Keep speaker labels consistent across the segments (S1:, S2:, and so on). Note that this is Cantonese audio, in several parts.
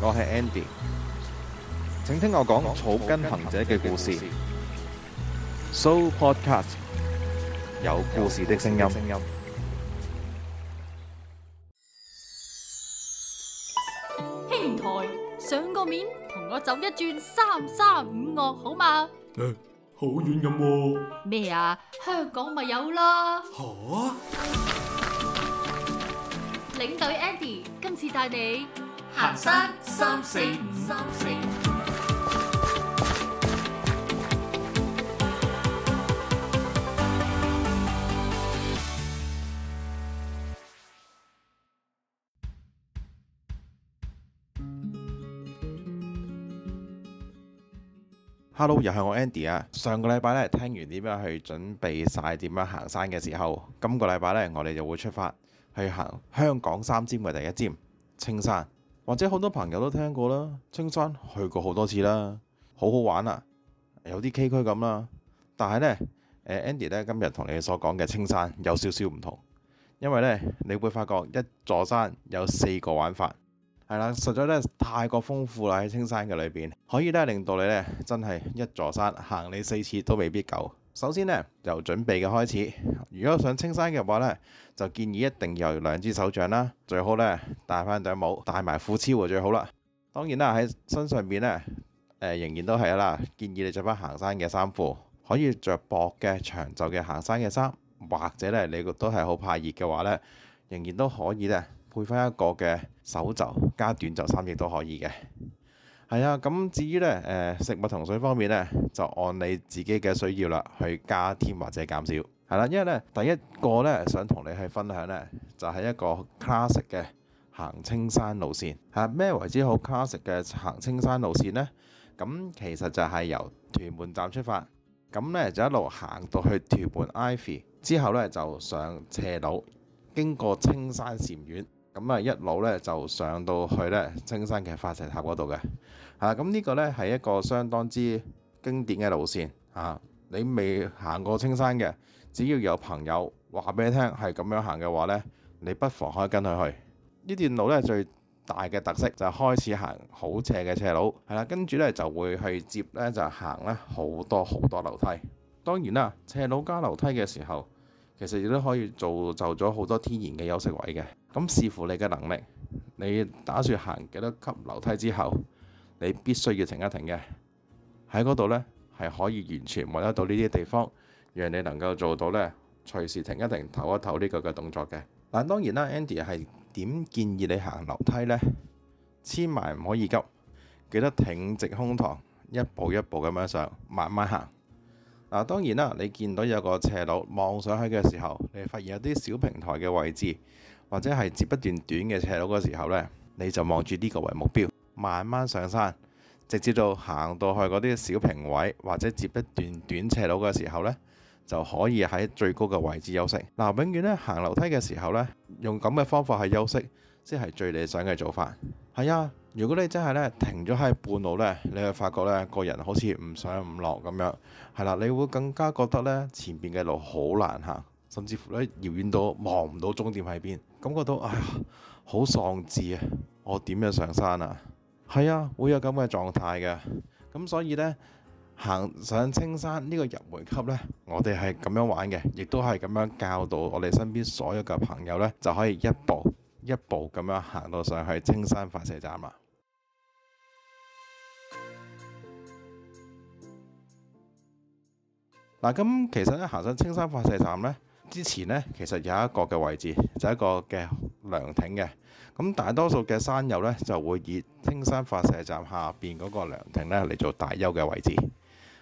S1: 我係 Andy，請聽我講草根行者嘅故事。So Podcast，有故事的聲音。兄台，上個面同我走一轉三三五岳，好嘛？誒，好遠咁？咩啊？香港咪有啦？好啊！領隊 Andy，今次帶你。行山三四五。Hello，又係我 Andy 啊！上個禮拜咧，聽完點樣去準備晒點樣行山嘅時候，今個禮拜咧，我哋就會出發去行香港三尖嘅第一尖青山。或者好多朋友都聽過啦，青山去過好多次啦，好好玩啊，有啲崎嶇咁啦。但係呢 Andy 呢，Andy 今日同你所講嘅青山有少少唔同，因為呢，你會發覺一座山有四個玩法，係啦，實在呢，太過豐富啦喺青山嘅裏邊，可以呢，令到你呢，真係一座山行你四次都未必夠。首先咧，由準備嘅開始。如果想清山嘅話咧，就建議一定要有兩支手杖啦。最好咧，戴翻頂帽，戴埋褲襪最好啦。當然啦，喺身上邊咧、呃，仍然都係啦，建議你着翻行山嘅衫褲，可以着薄嘅長袖嘅行山嘅衫，或者咧你都係好怕熱嘅話咧，仍然都可以咧配翻一個嘅手袖加短袖衫亦都可以嘅。係啊，咁至於呢，誒食物同水方面呢，就按你自己嘅需要啦，去加添或者減少，係啦。因為呢，第一個呢，想同你去分享呢，就係一個 classic 嘅行青山路線。嚇，咩為之好 classic 嘅行青山路線呢？咁其實就係由屯門站出發，咁呢就一路行到去屯門 Ivy，之後呢就上斜路，經過青山禪院。咁啊，一路咧就上到去咧青山嘅發射塔嗰度嘅啊。咁呢個咧係一個相當之經典嘅路線啊。你未行過青山嘅，只要有朋友話俾你聽係咁樣行嘅話咧，你不妨可以跟佢去呢段路咧。最大嘅特色就係開始行好斜嘅斜路，係啦，跟住咧就會去接咧，就行咧好多好多、多樓梯。當然啦，斜路加樓梯嘅時候，其實亦都可以造就咗好多天然嘅休息位嘅。咁視乎你嘅能力，你打算行幾多級樓梯之後，你必須要停一停嘅喺嗰度呢，係可以完全揾得到呢啲地方，讓你能夠做到呢，隨時停一停、唞一唞呢個嘅動作嘅。但當然啦，Andy 係點建議你行樓梯呢？千萬唔可以急，記得挺直胸膛，一步一步咁樣上，慢慢行。嗱，當然啦，你見到有個斜路望上去嘅時候，你發現有啲小平台嘅位置。或者係接一段短嘅斜路嘅時候呢，你就望住呢個為目標，慢慢上山，直至到行到去嗰啲小平位，或者接一段短嘅斜路嘅時候呢，就可以喺最高嘅位置休息。嗱、啊，永遠呢，行樓梯嘅時候呢，用咁嘅方法去休息，即係最理想嘅做法。係啊，如果你真係呢停咗喺半路呢，你會發覺呢個人好似唔上唔落咁樣，係啦、啊，你會更加覺得呢，前邊嘅路好難行，甚至乎呢，遙遠到望唔到終點喺邊。感覺到哎呀，好喪志啊！我點樣上山啊？係啊，會有咁嘅狀態嘅。咁所以呢，行上青山呢個入門級呢，我哋係咁樣玩嘅，亦都係咁樣教導我哋身邊所有嘅朋友呢，就可以一步一步咁樣行到上去青山發射站啦。嗱，咁其實咧，行上青山發射站呢。之前呢，其實有一個嘅位置，就係、一個嘅涼亭嘅。咁大多數嘅山友呢，就會以青山發射站下邊嗰個涼亭呢嚟做大休嘅位置。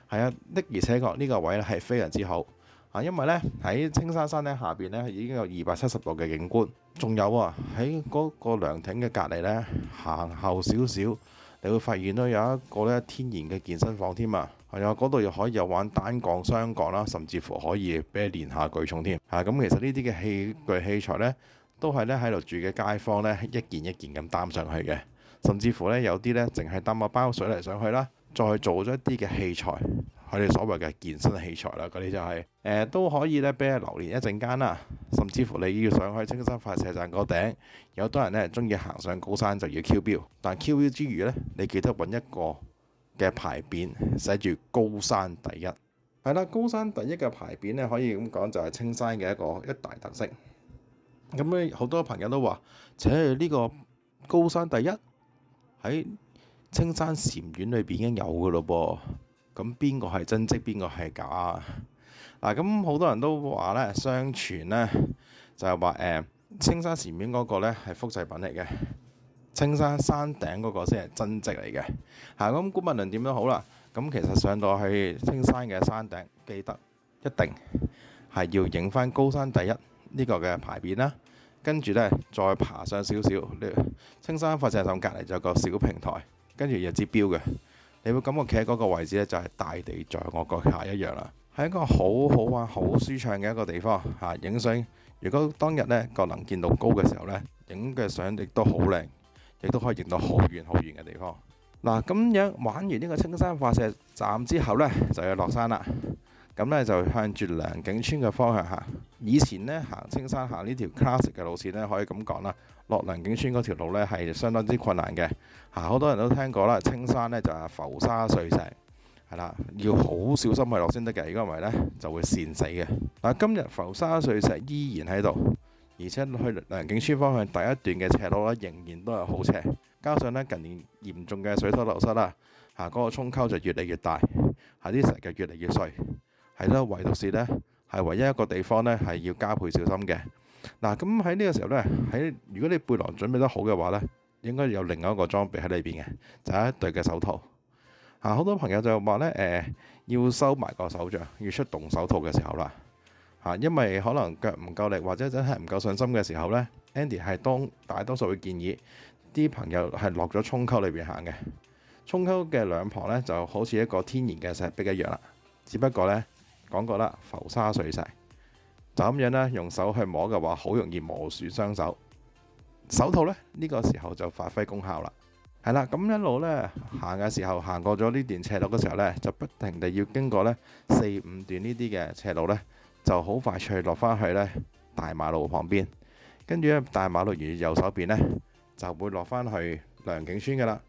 S1: 係啊，的而且確呢個位呢係非常之好啊，因為呢，喺青山山呢下邊呢，已經有二百七十度嘅景觀，仲有啊喺嗰個涼亭嘅隔離呢，行後少少。你會發現咧有一個咧天然嘅健身房添啊，係啊，嗰度又可以有玩單槓、雙槓啦，甚至乎可以俾你練下舉重添。係咁，其實呢啲嘅器具器材咧，都係咧喺度住嘅街坊咧一件一件咁擔上去嘅，甚至乎咧有啲咧淨係擔一包水泥上去啦，再做咗一啲嘅器材。佢哋所謂嘅健身器材啦，嗰啲就係，是，誒、呃、都可以咧俾你留念一陣間啦。甚至乎你要上去青山發射站嗰頂，有多人咧鍾意行上高山就要 Q 標，但係 Q 標之餘呢，你記得揾一個嘅牌匾寫住高山第一。係啦，高山第一嘅牌匾呢，可以咁講就係青山嘅一個一大特色。咁咧好多朋友都話，去呢個高山第一喺青山禪院裏邊已經有噶咯噃。咁邊個係真跡，邊個係假嘅？嗱，咁好多人都話咧，相傳咧就係話誒，青山前面嗰個咧係複製品嚟嘅，青山山頂嗰個先係真跡嚟嘅。嚇、嗯，咁古物論點都好啦，咁其實上到去青山嘅山頂，記得一定係要影翻高山第一這個呢個嘅牌匾啦。跟住咧再爬上少少，青山發射站隔離就有個小平台，跟住有指標嘅。你會感覺企喺嗰個位置咧，就係大地在我腳下一樣啦，係一個好好玩、好舒暢嘅一個地方嚇。影相，如果當日呢個能見度高嘅時候呢，影嘅相亦都好靚，亦都可以影到好遠好遠嘅地方。嗱，咁樣玩完呢個青山發射站之後呢，就要落山啦。咁呢就向住良景村嘅方向行。以前呢，行青山行呢條 classic 嘅路線呢，可以咁講啦。落良景村嗰條路咧係相當之困難嘅嚇，好多人都聽過啦。青山咧就係浮沙碎石，係啦，要好小心去落先得嘅。如果唔係咧，就會跣死嘅。嗱，今日浮沙碎石依然喺度，而且去良景村方向第一段嘅斜路咧仍然都係好斜，加上咧近年嚴重嘅水土流失啦嚇，嗰個沖溝就越嚟越大，嚇啲石就越嚟越碎，係咯，唯獨是咧係唯一一個地方咧係要加倍小心嘅。嗱，咁喺呢個時候呢，喺如果你背囊準備得好嘅話呢，應該有另外一個裝備喺裏邊嘅，就係一對嘅手套。嚇，好多朋友就話呢，誒、呃，要收埋個手杖，要出動手套嘅時候啦。嚇，因為可能腳唔夠力，或者真係唔夠信心嘅時候呢，Andy 係當大多數會建議啲朋友係落咗沖溝裏邊行嘅。沖溝嘅兩旁呢，就好似一個天然嘅石壁一樣啦，只不過呢，講過啦，浮沙碎石。就咁樣咧，用手去摸嘅話，好容易磨損雙手手套咧。呢個時候就發揮功效啦。係啦，咁一路咧行嘅時候，行過咗呢段斜路嘅時候咧，就不停地要經過咧四五段呢啲嘅斜路咧，就好快脆落翻去咧大馬路旁邊。跟住咧大馬路完右手邊咧，就會落翻去良景村噶啦。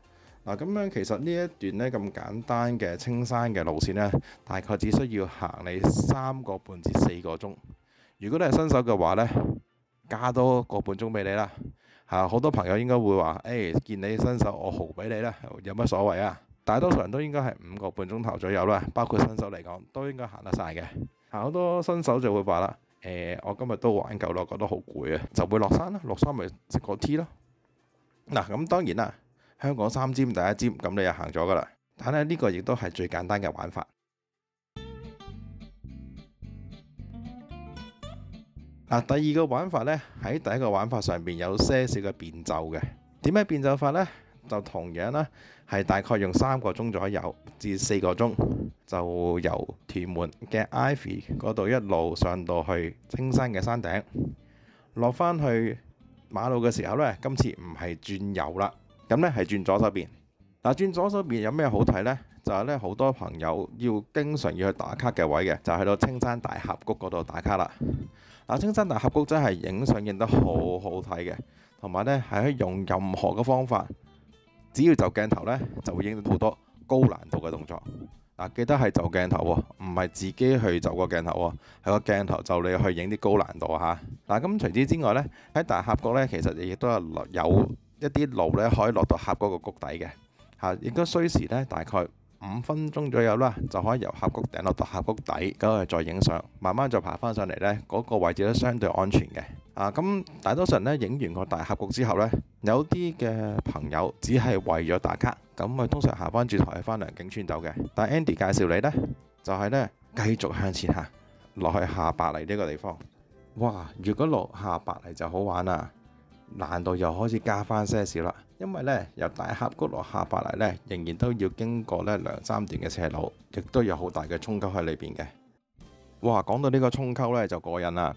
S1: 嗱，咁樣其實呢一段咧咁簡單嘅青山嘅路線咧，大概只需要行你三個半至四個鐘。如果你係新手嘅話呢，加多個半鐘俾你啦。嚇、啊，好多朋友應該會話，誒、哎、見你新手，我豪俾你啦，有乜所謂啊？大多數人都應該係五個半鐘頭左右啦，包括新手嚟講，都應該行得晒嘅。好、啊、多新手就會話啦，誒、哎，我今日都玩夠咯，覺得好攰啊，就會落山啦，落山咪食個 T 咯。嗱、啊，咁當然啦，香港三尖第一尖，咁你又行咗㗎啦。但係呢個亦都係最簡單嘅玩法。嗱，第二個玩法呢，喺第一個玩法上邊有些少嘅變奏嘅。點解變奏法呢？就同樣呢，係大概用三個鐘左右至四個鐘，就由屯門嘅 Ivy 嗰度一路上到去青山嘅山頂，落返去馬路嘅時候呢，今次唔係轉右啦，咁呢係轉左手邊。嗱，轉左手邊有咩好睇呢？就係呢，好多朋友要經常要去打卡嘅位嘅，就喺到青山大峽谷嗰度打卡啦。嗱，青山大峽谷真係影相影得好好睇嘅，同埋咧係可以用任何嘅方法，只要就鏡頭咧就會影到好多高難度嘅動作。嗱，記得係就鏡頭喎，唔係自己去就個鏡頭喎，係個鏡頭就你去影啲高難度吓。嗱，咁除此之外咧喺大峽谷咧，其實亦都係有一啲路咧可以落到峽谷個谷底嘅吓，亦都需時咧大概。五分鐘左右啦，就可以由峽谷頂落到峽谷底，咁啊再影相，慢慢再爬翻上嚟咧，嗰個位置都相對安全嘅。啊，咁大多數人咧影完個大峽谷之後咧，有啲嘅朋友只係為咗打卡，咁啊通常下班轉台去翻良景村走嘅。但 Andy 介紹你咧，就係咧繼續向前行，落去下白泥呢個地方。哇！如果落下白泥就好玩喇！難度又開始加翻些少啦，因為呢，由大峽谷落下白泥呢，仍然都要經過呢兩三段嘅斜路，亦都有好大嘅沖溝喺裏邊嘅。哇，講到呢個沖溝呢，就過癮啦。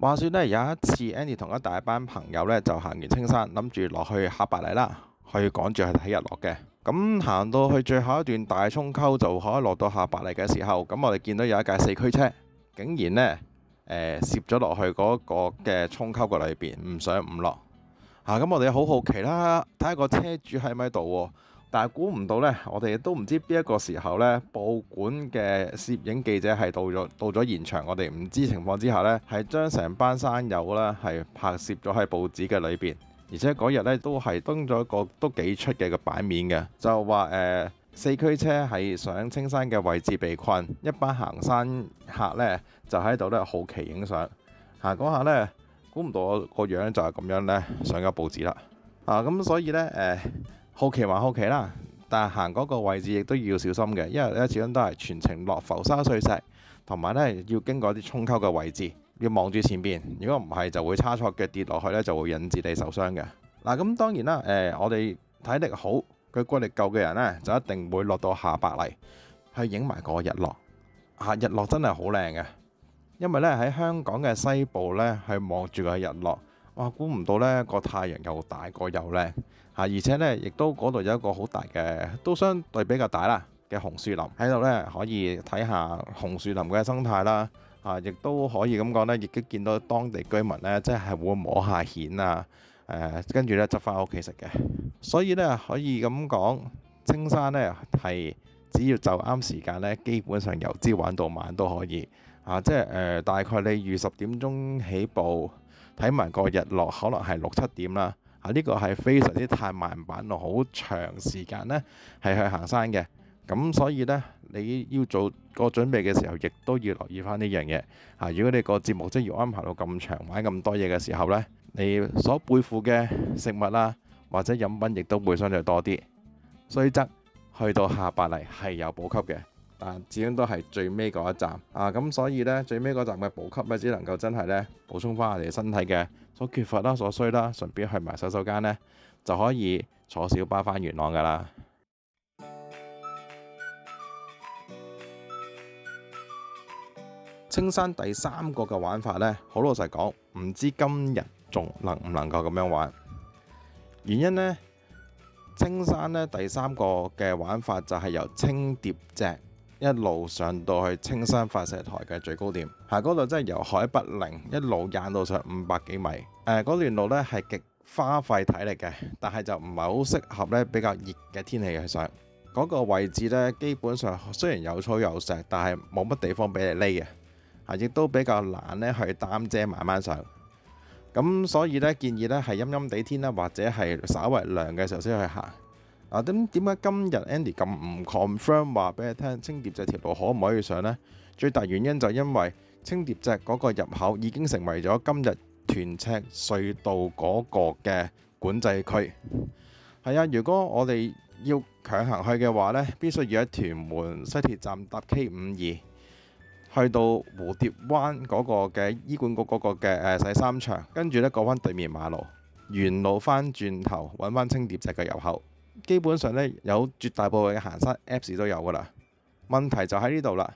S1: 話説呢，有一次，Andy 同一大班朋友呢，就行完青山，諗住落去下白泥啦，去趕住去睇日落嘅。咁行到去最後一段大沖溝就可以落到下白泥嘅時候，咁我哋見到有一架四驅車，竟然呢。誒攝咗落去嗰個嘅沖溝個裏邊，唔上唔落嚇。咁我哋好好奇啦，睇下個車主喺咪度喎？但係估唔到呢，我哋都唔知邊一個時候呢。報館嘅攝影記者係到咗到咗現場，我哋唔知情況之下呢，係將成班山友咧係拍攝咗喺報紙嘅裏邊，而且嗰日呢，都係登咗個都幾出嘅個版面嘅，就話誒。呃四驅車喺上青山嘅位置被困，一班行山客呢就喺度咧好奇影相。嚇，嗰下呢估唔到我個樣就係咁樣呢。上咗報紙啦。啊，咁所以呢，誒、呃、好奇還好奇啦，但係行嗰個位置亦都要小心嘅，因為咧始終都係全程落浮沙碎石，同埋呢要經過啲沖溝嘅位置，要望住前邊。如果唔係就會差錯腳跌落去呢，就會引致你受傷嘅。嗱、啊，咁當然啦，誒、呃、我哋體力好。佢骨力夠嘅人呢，就一定會落到下白泥去影埋個日落。嚇、啊，日落真係好靚嘅，因為呢，喺香港嘅西部呢，去望住個日落，哇！估唔到呢個太陽又大個又靚。嚇、啊，而且呢，亦都嗰度有一個好大嘅，都相對比較大啦嘅紅樹林喺度呢，可以睇下紅樹林嘅生態啦。嚇、啊，亦、啊、都可以咁講呢，亦都見到當地居民呢，即係會摸下蜆啊。誒、呃、跟住咧執翻屋企食嘅，所以咧可以咁講，青山咧係只要就啱時間咧，基本上由朝玩到晚都可以啊！即係誒、呃，大概你如十點鐘起步，睇埋個日落，可能係六七點啦啊！呢、這個係非常之太慢板咯，好長時間咧係去行山嘅，咁所以咧你要做個準備嘅時候，亦都要留意翻呢樣嘢啊！如果你個節目真要安排到咁長玩咁多嘢嘅時候咧。你所背負嘅食物啦，或者飲品，亦都會相對多啲。雖則去到下白泥係有補給嘅，但始終都係最尾嗰一站啊。咁所以呢，最尾嗰站嘅補給呢，只能夠真係呢補充翻我哋身體嘅所缺乏啦、所需啦，順便去埋洗手間呢，就可以坐小巴返元朗噶啦。青山第三個嘅玩法呢，好老實講，唔知今日仲能唔能夠咁樣玩？原因呢，青山呢第三個嘅玩法就係由青疊脊一路上到去青山發射台嘅最高點。喺嗰度真係由海拔零一路踩到上五百幾米。誒，嗰段路呢係極花費體力嘅，但係就唔係好適合呢比較熱嘅天氣去上。嗰、那個位置呢，基本上雖然有草有石，但係冇乜地方俾你匿嘅，啊，亦都比較難呢去擔遮慢慢上。咁所以呢，建議呢係陰陰地天啦，或者係稍為涼嘅時候先去行。嗱，點點解今日 Andy 咁唔 confirm 話俾你聽清嶼脊條路可唔可以上呢？最大原因就係因為清嶼脊嗰個入口已經成為咗今日屯赤隧道嗰個嘅管制區。係啊，如果我哋要強行去嘅話呢，必須要喺屯門西鐵站搭 K52。去到蝴蝶灣嗰個嘅醫管局嗰個嘅誒洗衫場，跟住呢過返對面馬路，沿路返轉頭揾返清碟仔嘅入口。基本上呢，有絕大部分嘅行山 Apps 都有噶啦。問題就喺呢度啦。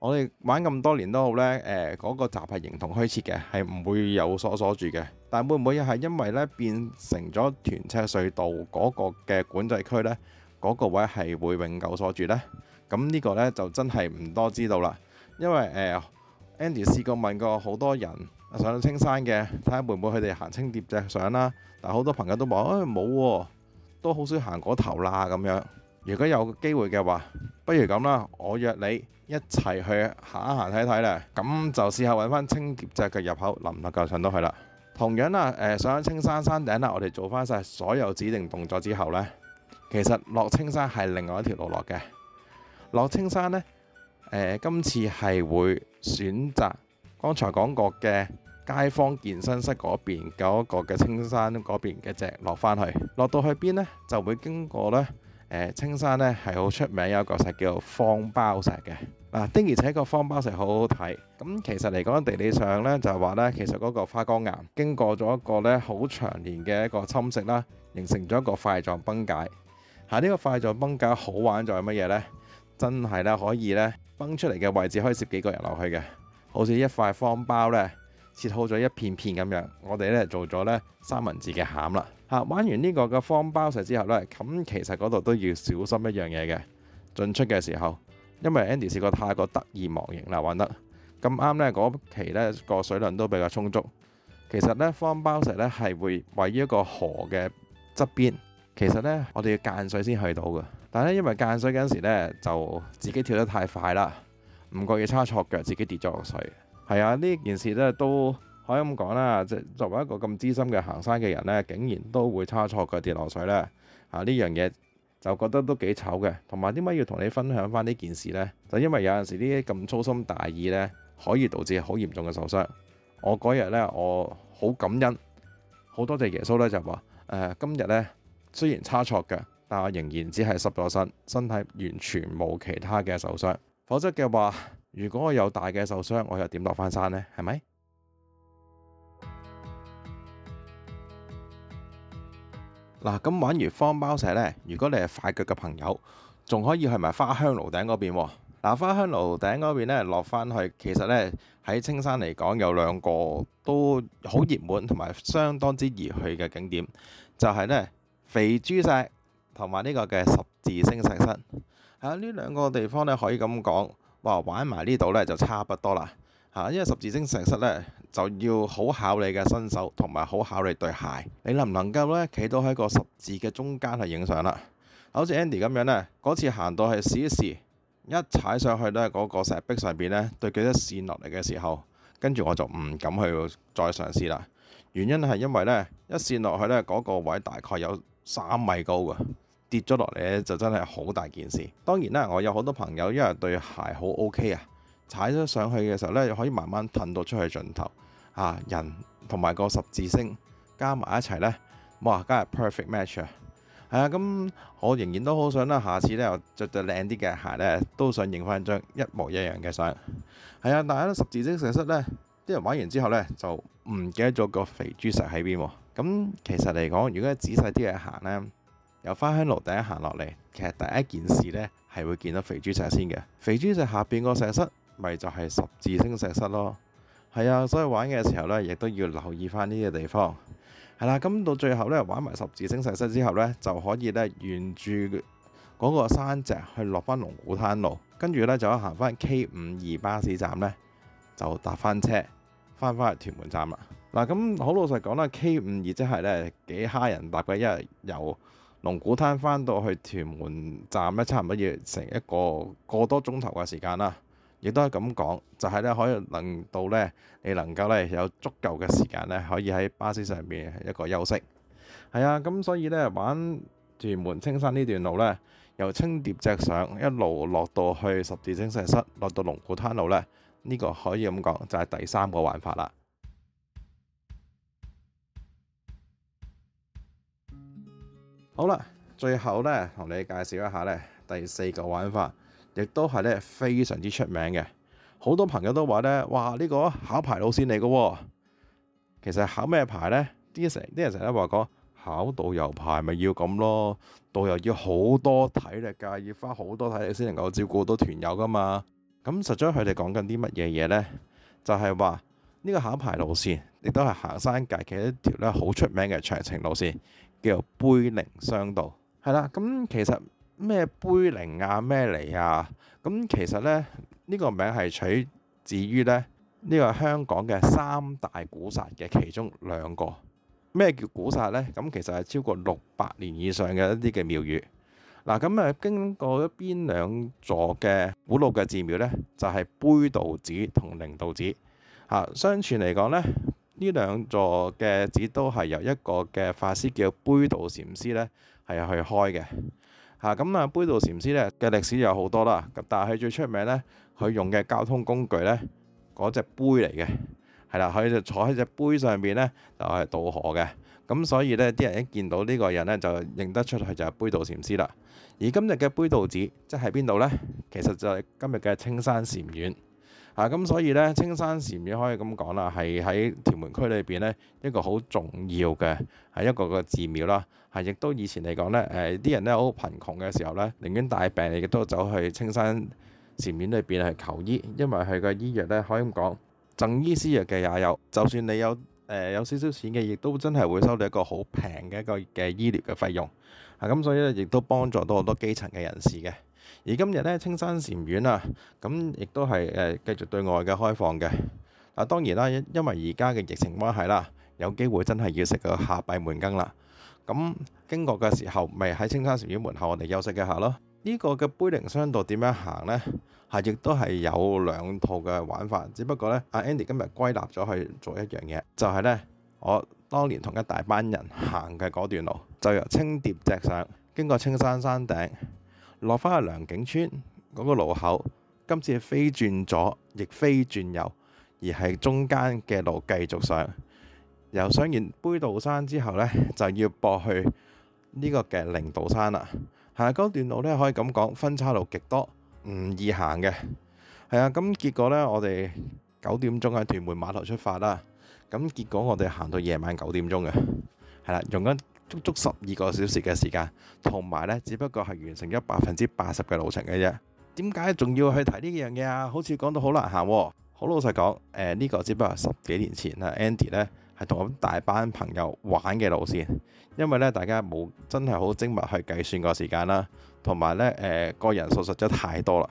S1: 我哋玩咁多年都好呢，誒、呃、嗰、那個閘係形同虛設嘅，係唔會有所鎖，鎖住嘅。但會唔會又係因為呢變成咗屯赤隧道嗰個嘅管制區呢？嗰、那個位係會永久鎖住呢？咁呢個呢，就真係唔多知道啦。因為、呃、Andy 試過問過好多人上到青山嘅，睇下會唔會佢哋行清蝶隻上啦。但好多朋友都話：誒冇喎，都好少行嗰頭啦咁樣。如果有機會嘅話，不如咁啦，我約你一齊去行一行睇睇咧。咁就試下揾翻清蝶隻嘅入口，能唔能夠上到去啦？同樣啦，誒、呃、上咗青山山頂啦，我哋做翻晒所有指定動作之後呢，其實落青山係另外一條路落嘅。落青山呢。誒今次係會選擇剛才講過嘅街坊健身室嗰邊，嗰一個嘅青山嗰邊嘅只落返去。落到去邊呢，就會經過呢，誒青山呢係好出名有一個石叫方包石嘅嗱，的而且確方包石好好睇。咁其實嚟講地理上呢就係話呢，其實嗰個花崗岩經過咗一個呢好長年嘅一個侵蝕啦，形成咗一個塊狀崩解。嚇，呢個塊狀崩解好玩在乜嘢呢？真係咧，可以咧崩出嚟嘅位置可以攝幾個人落去嘅，好似一塊方包咧，切好咗一片片咁樣。我哋咧做咗咧三文治嘅餡啦。嚇、啊，玩完呢個嘅方包石之後呢，咁其實嗰度都要小心一樣嘢嘅。進出嘅時候，因為 Andy 試過太過得意忘形啦，玩得咁啱呢。嗰期呢，個水量都比較充足。其實呢，方包石呢係會位於一個河嘅側邊，其實呢，我哋要間水先去到嘅。但係，因為間水嗰陣時咧，就自己跳得太快啦，唔覺意差錯腳，自己跌咗落水。係啊，呢件事咧都可以咁講啦，即作為一個咁資深嘅行山嘅人咧，竟然都會差錯腳跌落水咧，啊呢樣嘢就覺得都幾醜嘅。同埋點解要同你分享翻呢件事呢？就因為有陣時呢啲咁粗心大意咧，可以導致好嚴重嘅受傷。我嗰日咧，我好感恩，好多謝耶穌咧，就話誒今日咧雖然差錯腳。但我仍然只係濕咗身，身體完全冇其他嘅受傷。否則嘅話，如果我有大嘅受傷，我又點落翻山呢？係咪嗱？咁玩完方包石呢，如果你係快腳嘅朋友，仲可以去埋花香爐頂嗰邊。嗱、啊，花香爐頂嗰邊呢落翻去，其實呢，喺青山嚟講有兩個都好熱門同埋相當之易去嘅景點，就係、是、呢肥豬石。同埋呢個嘅十字星石室，呢、啊、兩個地方咧可以咁講，哇玩埋呢度咧就差不多啦嚇、啊，因為十字星石室咧就要好考你嘅身手，同埋好考你對鞋，你能唔能夠咧企到喺個十字嘅中間去影相啦？好、啊、似 Andy 咁樣咧，嗰次行到去試一試，一踩上去呢嗰、嗰個石壁上面咧，對幾多線落嚟嘅時候，跟住我就唔敢去再嘗試啦。原因係因為咧，一線落去咧嗰、嗰個位大概有三米高啊！跌咗落嚟咧，就真係好大件事。當然啦，我有好多朋友因為對鞋好 OK 啊，踩咗上去嘅時候呢，又可以慢慢褪到出去盡頭啊。人同埋個十字星加埋一齊呢，哇，梗係 perfect match 啊！係啊，咁我仍然都好想啦，下次呢，又著對靚啲嘅鞋呢，都想影翻張一模一樣嘅相。係啊，但係咧十字星石室呢，啲人玩完之後呢，就唔記得咗個肥豬石喺邊喎。咁其實嚟講，如果仔細啲嘅行呢，由花香路第一行落嚟，其實第一件事呢，係會見到肥豬石先嘅。肥豬石下邊個石室咪就係、是、十字星石室咯。係啊，所以玩嘅時候呢，亦都要留意翻呢啲地方係啦。咁到最後呢，玩埋十字星石室之後呢，就可以呢沿住嗰個山脊去落翻龍鼓灘路，跟住呢，就可行翻 K 五二巴士站呢，就搭翻車翻返去屯門站啦。嗱，咁好老實講啦，K 五二即係呢幾蝦人搭嘅，一日有。龍鼓灘返到去屯門站咧，差唔多要成一個一個多鐘頭嘅時間啦。亦都係咁講，就係、是、咧可以令到咧，你能夠咧有足夠嘅時間咧，可以喺巴士上邊一個休息。係啊，咁所以咧玩屯門青山呢段路咧，由青疊脊上一路落到去十字星石室，落到龍鼓灘路咧，呢、這個可以咁講，就係、是、第三個玩法啦。好啦，最後咧同你介紹一下咧第四個玩法，亦都係咧非常之出名嘅。好多朋友都話咧，哇，呢這個考牌路線嚟嘅，哦。其實考咩牌呢？啲人成啲人成日都話講考導遊牌咪要咁咯，導遊要好多體力噶，要花好多體力先能夠照顧到團友噶嘛。咁實質佢哋講緊啲乜嘢嘢呢？就係話呢個考牌路線亦都係行山界嘅一條咧好出名嘅長程路線。叫杯靈雙渡，係啦，咁其實咩杯靈啊咩嚟啊？咁、啊、其實咧呢、這個名係取自於咧呢、這個香港嘅三大古剎嘅其中兩個。咩叫古剎呢？咁其實係超過六百年以上嘅一啲嘅廟宇。嗱，咁啊經過咗邊兩座嘅古老嘅寺廟呢，就係、是、杯渡寺同靈渡寺。吓、啊，相傳嚟講呢。呢兩座嘅寺都係由一個嘅法師叫杯渡禪師咧係去開嘅嚇，咁啊杯渡禪師咧嘅歷史有好多啦，咁但係佢最出名咧，佢用嘅交通工具咧嗰隻杯嚟嘅係啦，佢就坐喺隻杯，是的杯上邊咧就係渡河嘅咁，所以咧啲人一見到呢個人咧就認得出佢就係杯渡禪師啦。而今日嘅杯渡寺即係邊度咧？其實就係今日嘅青山禪院。啊，咁所以咧，青山禪院可以咁講啦，係喺屯門區裏邊咧一個好重要嘅係一個個寺廟啦。係、啊、亦都以前嚟講咧，誒、呃、啲人咧好貧窮嘅時候咧，寧願帶病嚟亦都走去青山禪院裏邊去求醫，因為佢個醫藥咧可以咁講，贈醫施藥嘅也有。就算你有誒、呃、有少少錢嘅，亦都真係會收到一個好平嘅一個嘅醫療嘅費用。咁、啊、所以咧亦都幫助到好多基層嘅人士嘅。而今日咧，青山禪院啊，咁亦都係誒、呃、繼續對外嘅開放嘅。嗱、啊，當然啦，因因為而家嘅疫情關係啦，有機會真係要食個下閉門羹啦。咁、啊、經過嘅時候，咪喺青山禪院門口我哋休息一下咯。呢、這個嘅杯靈雙渡點樣行呢？係、啊、亦都係有兩套嘅玩法，只不過呢，阿、啊、Andy 今日歸納咗去做一樣嘢，就係、是、呢：我當年同一大班人行嘅嗰段路，就由青疊脊上經過青山山頂。落返去良景村嗰個路口，今次係飛轉左，亦飛轉右，而係中間嘅路繼續上。由上完杯渡山之後咧，就要駁去呢個嘅靈渡山啦。下嗰段路咧，可以咁講，分岔路極多，唔易行嘅。係啊，咁結果咧，我哋九點鐘喺屯門碼頭出發啦。咁結果我哋行到夜晚九點鐘嘅，係啦，用緊。足足十二個小時嘅時間，同埋呢只不過係完成咗百分之八十嘅路程嘅啫。點解仲要去提呢樣嘢啊？好似講到好難行喎。好老實講，誒、呃、呢、呢個只不過十幾年前啊，Andy 呢係同我大班朋友玩嘅路線，因為呢大家冇真係好精密去計算個時間啦，同埋呢誒個、呃、人數實在太多啦，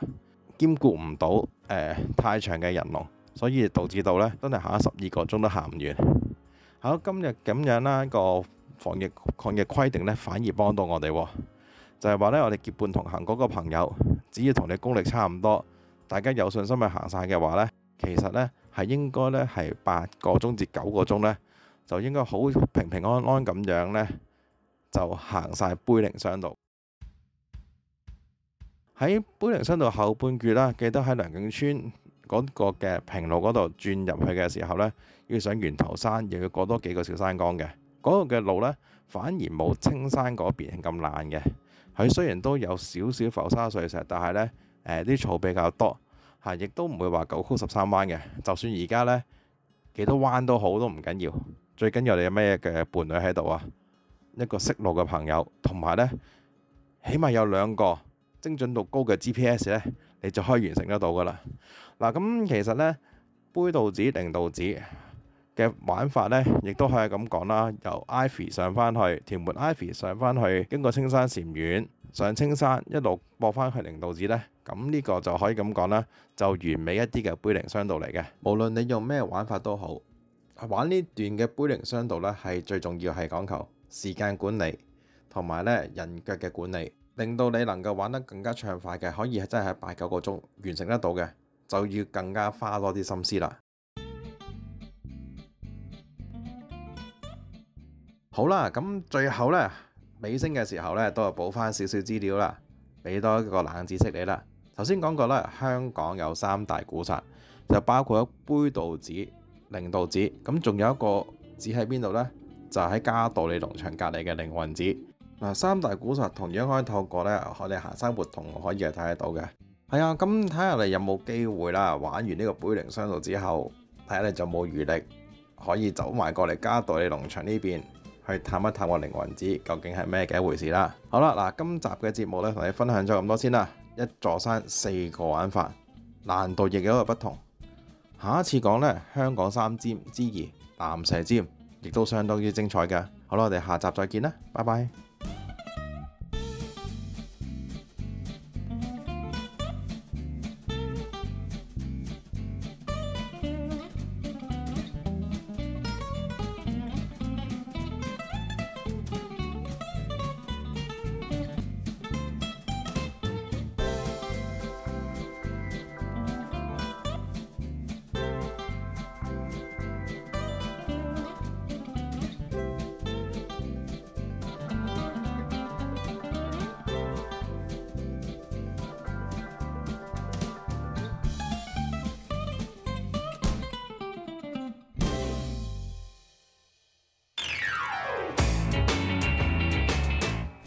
S1: 兼顧唔到誒太長嘅人龍，所以導致到呢真係行咗十二個鐘都行唔完。好，今日咁樣啦個防疫抗疫規定呢，反而幫到我哋，就係話呢，我哋結伴同行嗰個朋友，只要同你功力差唔多，大家有信心咪行晒嘅話呢，其實呢係應該呢係八個鐘至九個鐘呢，就應該好平平安安咁樣呢就行晒杯嶺山度。喺杯嶺山道後半段啦，記得喺梁景村嗰個嘅平路嗰度轉入去嘅時候呢，要上圓頭山，又要過多幾個小山崗嘅。嗰度嘅路呢，反而冇青山嗰邊咁爛嘅。佢雖然都有少少浮沙碎石，但係呢，誒啲草比較多嚇，亦都唔會話九曲十三彎嘅。就算而家呢，幾多彎都好，都唔緊要。最緊要你有咩嘅伴侶喺度啊？一個識路嘅朋友，同埋呢，起碼有兩個精準度高嘅 GPS 呢，你就可以完成得到噶啦。嗱，咁其實呢，杯到紙定到紙。嘅玩法呢，亦都係咁講啦，由 Ivy 上返去，屯門 Ivy 上返去，經過青山禪院上青山，一路駁返去靈渡寺呢，咁呢個就可以咁講啦，就完美一啲嘅杯靈雙渡嚟嘅。無論你用咩玩法都好，玩呢段嘅杯靈雙渡呢，係最重要係講求時間管理同埋呢，人腳嘅管理，令到你能夠玩得更加暢快嘅，可以係真係喺八九個鐘完成得到嘅，就要更加花多啲心思啦。好啦，咁最後呢，尾聲嘅時候呢，都係補翻少少資料啦，俾多一個冷知識你啦。頭先講過啦，香港有三大古剎，就包括一杯渡寺、靈渡寺，咁仲有一個寺喺邊度呢？就喺、是、嘉道理農場隔籬嘅凌雲寺。嗱，三大古剎同樣可以透過呢我哋行山活動可以係睇得到嘅。係啊，咁睇下你有冇機會啦，玩完呢個杯靈雙渡之後，睇下你有冇餘力可以走埋過嚟嘉道理農場呢邊。去探一探我靈魂子究竟係咩嘅一回事啦。好啦，嗱，今集嘅節目呢，同你分享咗咁多先啦。一座山四個玩法，難度亦有個不同。下一次講呢，香港三尖之二，蚺蛇尖，亦都相當之精彩嘅。好啦，我哋下集再見啦，拜拜。